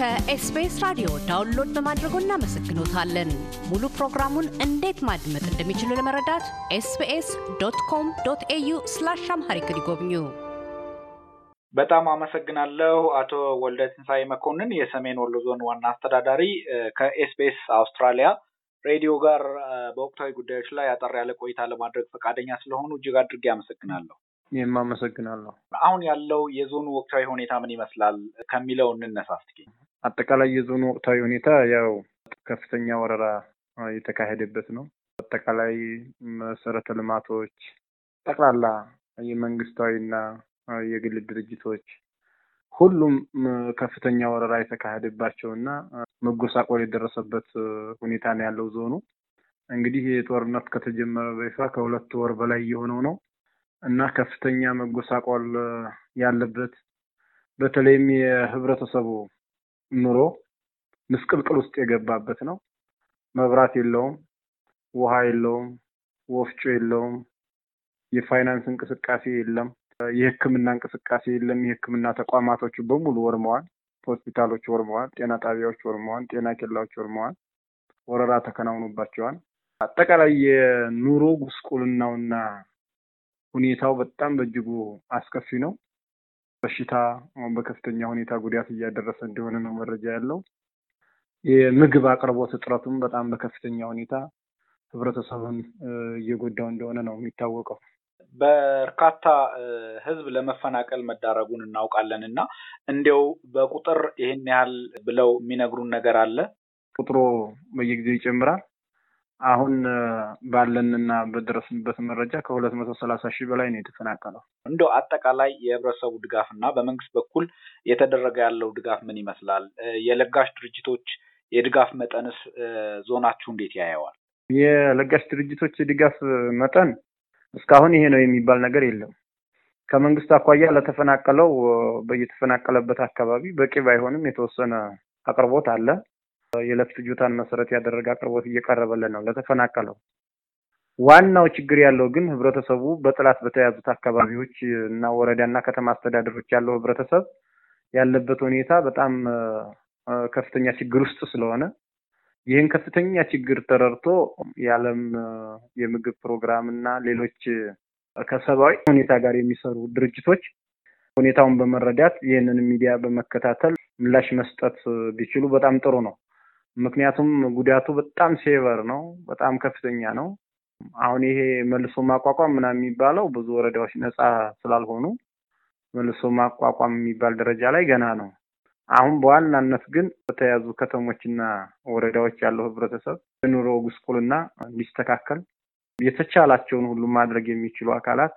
ከኤስቢኤስ ራዲዮ ዳውንሎድ በማድረጎ እናመሰግኖታለን። ሙሉ ፕሮግራሙን እንዴት ማድመጥ እንደሚችሉ ለመረዳት ኤስቢኤስ ዶት ኮም ዶት ኤዩ ስላሽ አምሃሪክ ይጎብኙ። በጣም አመሰግናለሁ አቶ ወልደ ትንሳኤ መኮንን፣ የሰሜን ወሎ ዞን ዋና አስተዳዳሪ ከኤስቢኤስ አውስትራሊያ ሬዲዮ ጋር በወቅታዊ ጉዳዮች ላይ አጠር ያለ ቆይታ ለማድረግ ፈቃደኛ ስለሆኑ እጅግ አድርጌ አመሰግናለሁ። ይህም አመሰግናለሁ። አሁን ያለው የዞኑ ወቅታዊ ሁኔታ ምን ይመስላል ከሚለው እንነሳ እስኪ። አጠቃላይ የዞኑ ወቅታዊ ሁኔታ ያው ከፍተኛ ወረራ የተካሄደበት ነው። አጠቃላይ መሰረተ ልማቶች ጠቅላላ የመንግስታዊና የግል ድርጅቶች ሁሉም ከፍተኛ ወረራ የተካሄደባቸው እና መጎሳቆል የደረሰበት ሁኔታ ነው ያለው ዞኑ። እንግዲህ የጦርነት ከተጀመረ በይፋ ከሁለት ወር በላይ የሆነው ነው እና ከፍተኛ መጎሳቆል ያለበት በተለይም የህብረተሰቡ ኑሮ ምስቅልቅል ውስጥ የገባበት ነው። መብራት የለውም፣ ውሃ የለውም፣ ወፍጮ የለውም፣ የፋይናንስ እንቅስቃሴ የለም፣ የህክምና እንቅስቃሴ የለም። የህክምና ተቋማቶች በሙሉ ወርመዋል። ሆስፒታሎች ወርመዋል። ጤና ጣቢያዎች ወርመዋል። ጤና ኬላዎች ወርመዋል። ወረራ ተከናውኖባቸዋል። አጠቃላይ የኑሮ ጉስቁልናውና ሁኔታው በጣም በእጅጉ አስከፊ ነው። በሽታ አሁን በከፍተኛ ሁኔታ ጉዳት እያደረሰ እንደሆነ ነው መረጃ ያለው። የምግብ አቅርቦት እጥረቱም በጣም በከፍተኛ ሁኔታ ህብረተሰቡን እየጎዳው እንደሆነ ነው የሚታወቀው። በርካታ ህዝብ ለመፈናቀል መዳረጉን እናውቃለን እና እንዲያው በቁጥር ይህን ያህል ብለው የሚነግሩን ነገር አለ? ቁጥሩ በየጊዜው ይጨምራል። አሁን ባለንና በደረስንበት መረጃ ከሁለት መቶ ሰላሳ ሺህ በላይ ነው የተፈናቀለው። እንደ አጠቃላይ የህብረተሰቡ ድጋፍ እና በመንግስት በኩል የተደረገ ያለው ድጋፍ ምን ይመስላል? የለጋሽ ድርጅቶች የድጋፍ መጠንስ ዞናችሁ እንዴት ያየዋል? የለጋሽ ድርጅቶች የድጋፍ መጠን እስካሁን ይሄ ነው የሚባል ነገር የለም። ከመንግስት አኳያ ለተፈናቀለው በየተፈናቀለበት አካባቢ በቂ ባይሆንም የተወሰነ አቅርቦት አለ። የለፍት ጁታን መሰረት ያደረገ አቅርቦት እየቀረበልን ነው ለተፈናቀለው። ዋናው ችግር ያለው ግን ህብረተሰቡ በጥላት በተያዙት አካባቢዎች እና ወረዳና ከተማ አስተዳደሮች ያለው ህብረተሰብ ያለበት ሁኔታ በጣም ከፍተኛ ችግር ውስጥ ስለሆነ ይህን ከፍተኛ ችግር ተረድቶ የዓለም የምግብ ፕሮግራም እና ሌሎች ከሰብአዊ ሁኔታ ጋር የሚሰሩ ድርጅቶች ሁኔታውን በመረዳት ይህንን ሚዲያ በመከታተል ምላሽ መስጠት ቢችሉ በጣም ጥሩ ነው። ምክንያቱም ጉዳቱ በጣም ሴቨር ነው፣ በጣም ከፍተኛ ነው። አሁን ይሄ መልሶ ማቋቋም ምናምን የሚባለው ብዙ ወረዳዎች ነፃ ስላልሆኑ መልሶ ማቋቋም የሚባል ደረጃ ላይ ገና ነው። አሁን በዋናነት ግን በተያዙ ከተሞችና ወረዳዎች ያለው ህብረተሰብ የኑሮ ጉስቁልና እንዲስተካከል የተቻላቸውን ሁሉ ማድረግ የሚችሉ አካላት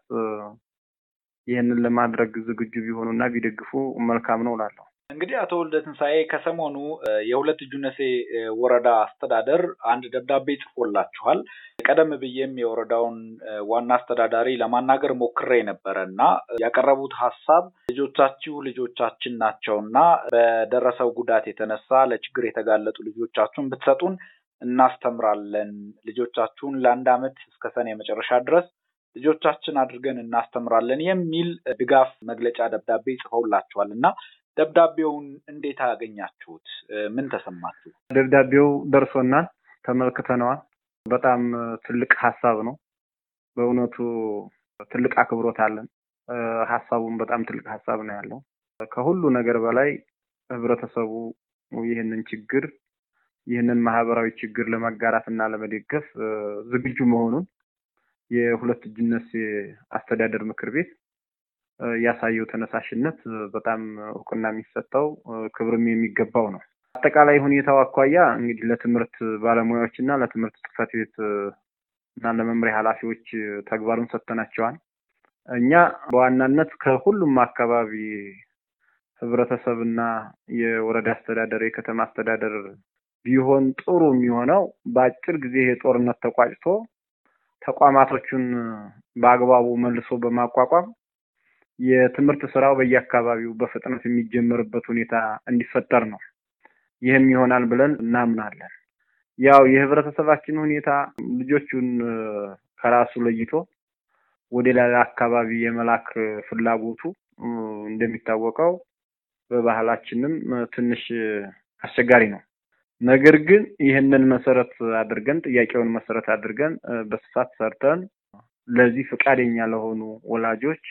ይህንን ለማድረግ ዝግጁ ቢሆኑና ቢደግፉ መልካም ነው እላለሁ። እንግዲህ አቶ ወልደ ትንሳኤ ከሰሞኑ የሁለት እጁነሴ ወረዳ አስተዳደር አንድ ደብዳቤ ጽፎላችኋል። ቀደም ብዬም የወረዳውን ዋና አስተዳዳሪ ለማናገር ሞክሬ ነበረ እና ያቀረቡት ሀሳብ ልጆቻችሁ ልጆቻችን ናቸውና በደረሰው ጉዳት የተነሳ ለችግር የተጋለጡ ልጆቻችሁን ብትሰጡን እናስተምራለን። ልጆቻችሁን ለአንድ ዓመት እስከ ሰኔ መጨረሻ ድረስ ልጆቻችን አድርገን እናስተምራለን የሚል ድጋፍ መግለጫ ደብዳቤ ጽፈውላችኋል እና ደብዳቤውን እንዴት አገኛችሁት? ምን ተሰማችሁ? ደብዳቤው ደርሶናል፣ ተመልክተነዋል። በጣም ትልቅ ሀሳብ ነው። በእውነቱ ትልቅ አክብሮት አለን። ሀሳቡን በጣም ትልቅ ሀሳብ ነው ያለው። ከሁሉ ነገር በላይ ህብረተሰቡ ይህንን ችግር ይህንን ማህበራዊ ችግር ለመጋራት እና ለመደገፍ ዝግጁ መሆኑን የሁለት እጅነት አስተዳደር ምክር ቤት ያሳየው ተነሳሽነት በጣም እውቅና የሚሰጠው ክብርም የሚገባው ነው። አጠቃላይ ሁኔታው አኳያ እንግዲህ ለትምህርት ባለሙያዎች እና ለትምህርት ጽሕፈት ቤት እና ለመምሪያ ኃላፊዎች ተግባሩን ሰጥተናቸዋል። እኛ በዋናነት ከሁሉም አካባቢ ህብረተሰብና የወረዳ አስተዳደር የከተማ አስተዳደር ቢሆን ጥሩ የሚሆነው በአጭር ጊዜ የጦርነት ተቋጭቶ ተቋማቶቹን በአግባቡ መልሶ በማቋቋም የትምህርት ስራው በየአካባቢው በፍጥነት የሚጀመርበት ሁኔታ እንዲፈጠር ነው። ይህም ይሆናል ብለን እናምናለን። ያው የህብረተሰባችን ሁኔታ ልጆቹን ከራሱ ለይቶ ወደ ሌላ አካባቢ የመላክ ፍላጎቱ እንደሚታወቀው በባህላችንም ትንሽ አስቸጋሪ ነው። ነገር ግን ይህንን መሰረት አድርገን ጥያቄውን መሰረት አድርገን በስፋት ሰርተን ለዚህ ፈቃደኛ ለሆኑ ወላጆች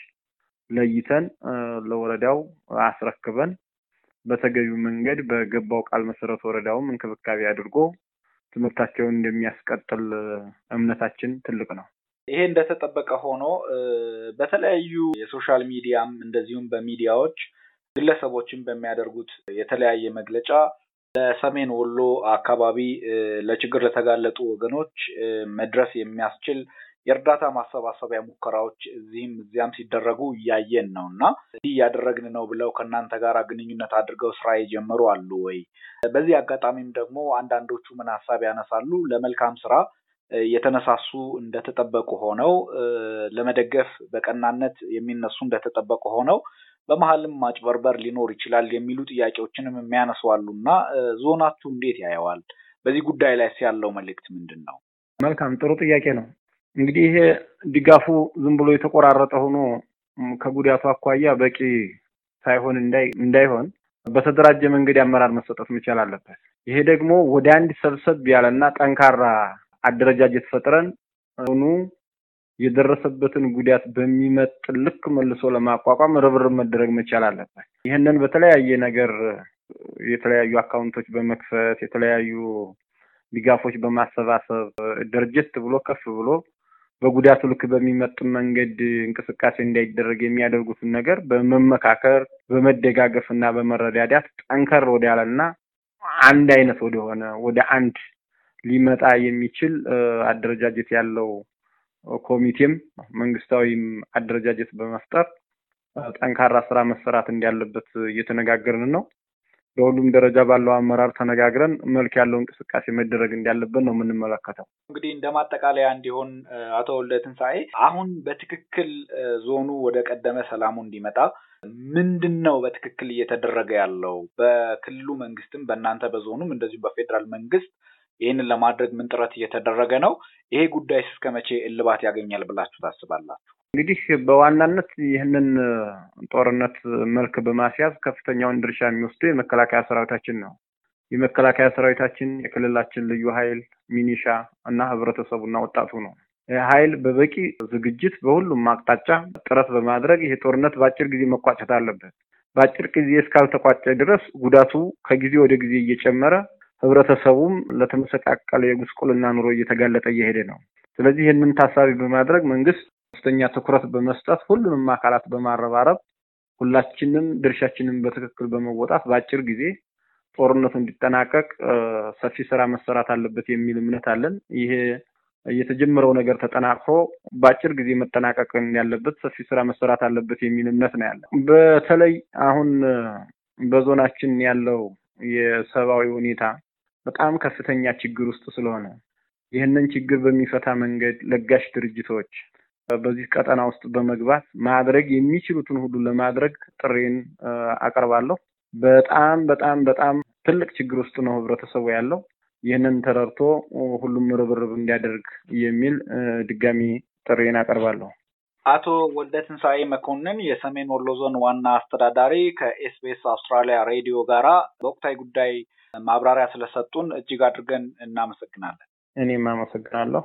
ለይተን ለወረዳው አስረክበን በተገቢ መንገድ በገባው ቃል መሰረት ወረዳውም እንክብካቤ አድርጎ ትምህርታቸውን እንደሚያስቀጥል እምነታችን ትልቅ ነው። ይሄ እንደተጠበቀ ሆኖ በተለያዩ የሶሻል ሚዲያም እንደዚሁም በሚዲያዎች ግለሰቦችን በሚያደርጉት የተለያየ መግለጫ ለሰሜን ወሎ አካባቢ ለችግር ለተጋለጡ ወገኖች መድረስ የሚያስችል የእርዳታ ማሰባሰቢያ ሙከራዎች እዚህም እዚያም ሲደረጉ እያየን ነው እና ይህ እያደረግን ነው ብለው ከእናንተ ጋር ግንኙነት አድርገው ስራ የጀመሩ አሉ ወይ? በዚህ አጋጣሚም ደግሞ አንዳንዶቹ ምን ሀሳብ ያነሳሉ? ለመልካም ስራ የተነሳሱ እንደተጠበቁ ሆነው ለመደገፍ በቀናነት የሚነሱ እንደተጠበቁ ሆነው በመሀልም ማጭበርበር ሊኖር ይችላል የሚሉ ጥያቄዎችንም የሚያነሱ አሉ እና ዞናችሁ እንዴት ያየዋል? በዚህ ጉዳይ ላይ ያለው መልእክት ምንድን ነው? መልካም ጥሩ ጥያቄ ነው። እንግዲህ ይሄ ድጋፉ ዝም ብሎ የተቆራረጠ ሆኖ ከጉዳቱ አኳያ በቂ ሳይሆን እንዳይሆን በተደራጀ መንገድ አመራር መሰጠት መቻል አለበት። ይሄ ደግሞ ወደ አንድ ሰብሰብ ያለና ጠንካራ አደረጃጀት ፈጥረን ሆኑ የደረሰበትን ጉዳት በሚመጥ ልክ መልሶ ለማቋቋም ርብርብ መደረግ መቻል አለበት። ይህንን በተለያየ ነገር የተለያዩ አካውንቶች በመክፈት የተለያዩ ድጋፎች በማሰባሰብ ድርጅት ብሎ ከፍ ብሎ በጉዳቱ ልክ በሚመጥን መንገድ እንቅስቃሴ እንዳይደረግ የሚያደርጉትን ነገር በመመካከር በመደጋገፍ እና በመረዳዳት ጠንከር ወዳለና አንድ አይነት ወደሆነ ወደ አንድ ሊመጣ የሚችል አደረጃጀት ያለው ኮሚቴም መንግስታዊም አደረጃጀት በመፍጠር ጠንካራ ስራ መሰራት እንዳለበት እየተነጋገርን ነው። በሁሉም ደረጃ ባለው አመራር ተነጋግረን መልክ ያለው እንቅስቃሴ መደረግ እንዳለበት ነው የምንመለከተው። እንግዲህ እንደ ማጠቃለያ እንዲሆን አቶ ወልደ ትንሣኤ፣ አሁን በትክክል ዞኑ ወደ ቀደመ ሰላሙ እንዲመጣ ምንድን ነው በትክክል እየተደረገ ያለው? በክልሉ መንግስትም በእናንተ በዞኑም እንደዚሁም በፌዴራል መንግስት ይህንን ለማድረግ ምን ጥረት እየተደረገ ነው? ይሄ ጉዳይስ እስከ መቼ እልባት ያገኛል ብላችሁ ታስባላችሁ? እንግዲህ በዋናነት ይህንን ጦርነት መልክ በማስያዝ ከፍተኛውን ድርሻ የሚወስዱ የመከላከያ ሰራዊታችን ነው። የመከላከያ ሰራዊታችን የክልላችን ልዩ ኃይል፣ ሚኒሻ እና ህብረተሰቡና ወጣቱ ነው። ይህ ኃይል በበቂ ዝግጅት በሁሉም አቅጣጫ ጥረት በማድረግ ይሄ ጦርነት በአጭር ጊዜ መቋጨት አለበት። በአጭር ጊዜ እስካልተቋጨ ድረስ ጉዳቱ ከጊዜ ወደ ጊዜ እየጨመረ ህብረተሰቡም ለተመሰቃቀለ የጉስቁልና ኑሮ እየተጋለጠ እየሄደ ነው። ስለዚህ ይህንን ታሳቢ በማድረግ መንግስት ከፍተኛ ትኩረት በመስጠት ሁሉንም አካላት በማረባረብ ሁላችንም ድርሻችንን በትክክል በመወጣት በአጭር ጊዜ ጦርነቱ እንዲጠናቀቅ ሰፊ ስራ መሰራት አለበት የሚል እምነት አለን። ይሄ የተጀመረው ነገር ተጠናክሮ በአጭር ጊዜ መጠናቀቅ ያለበት ሰፊ ስራ መሰራት አለበት የሚል እምነት ነው ያለን። በተለይ አሁን በዞናችን ያለው የሰብአዊ ሁኔታ በጣም ከፍተኛ ችግር ውስጥ ስለሆነ ይህንን ችግር በሚፈታ መንገድ ለጋሽ ድርጅቶች በዚህ ቀጠና ውስጥ በመግባት ማድረግ የሚችሉትን ሁሉ ለማድረግ ጥሬን አቀርባለሁ። በጣም በጣም በጣም ትልቅ ችግር ውስጥ ነው ህብረተሰቡ ያለው። ይህንን ተረድቶ ሁሉም ርብርብ እንዲያደርግ የሚል ድጋሚ ጥሬን አቀርባለሁ። አቶ ወልደ ትንሳኤ መኮንን የሰሜን ወሎ ዞን ዋና አስተዳዳሪ ከኤስቢኤስ አውስትራሊያ ሬዲዮ ጋራ በወቅታዊ ጉዳይ ማብራሪያ ስለሰጡን እጅግ አድርገን እናመሰግናለን። እኔም አመሰግናለሁ።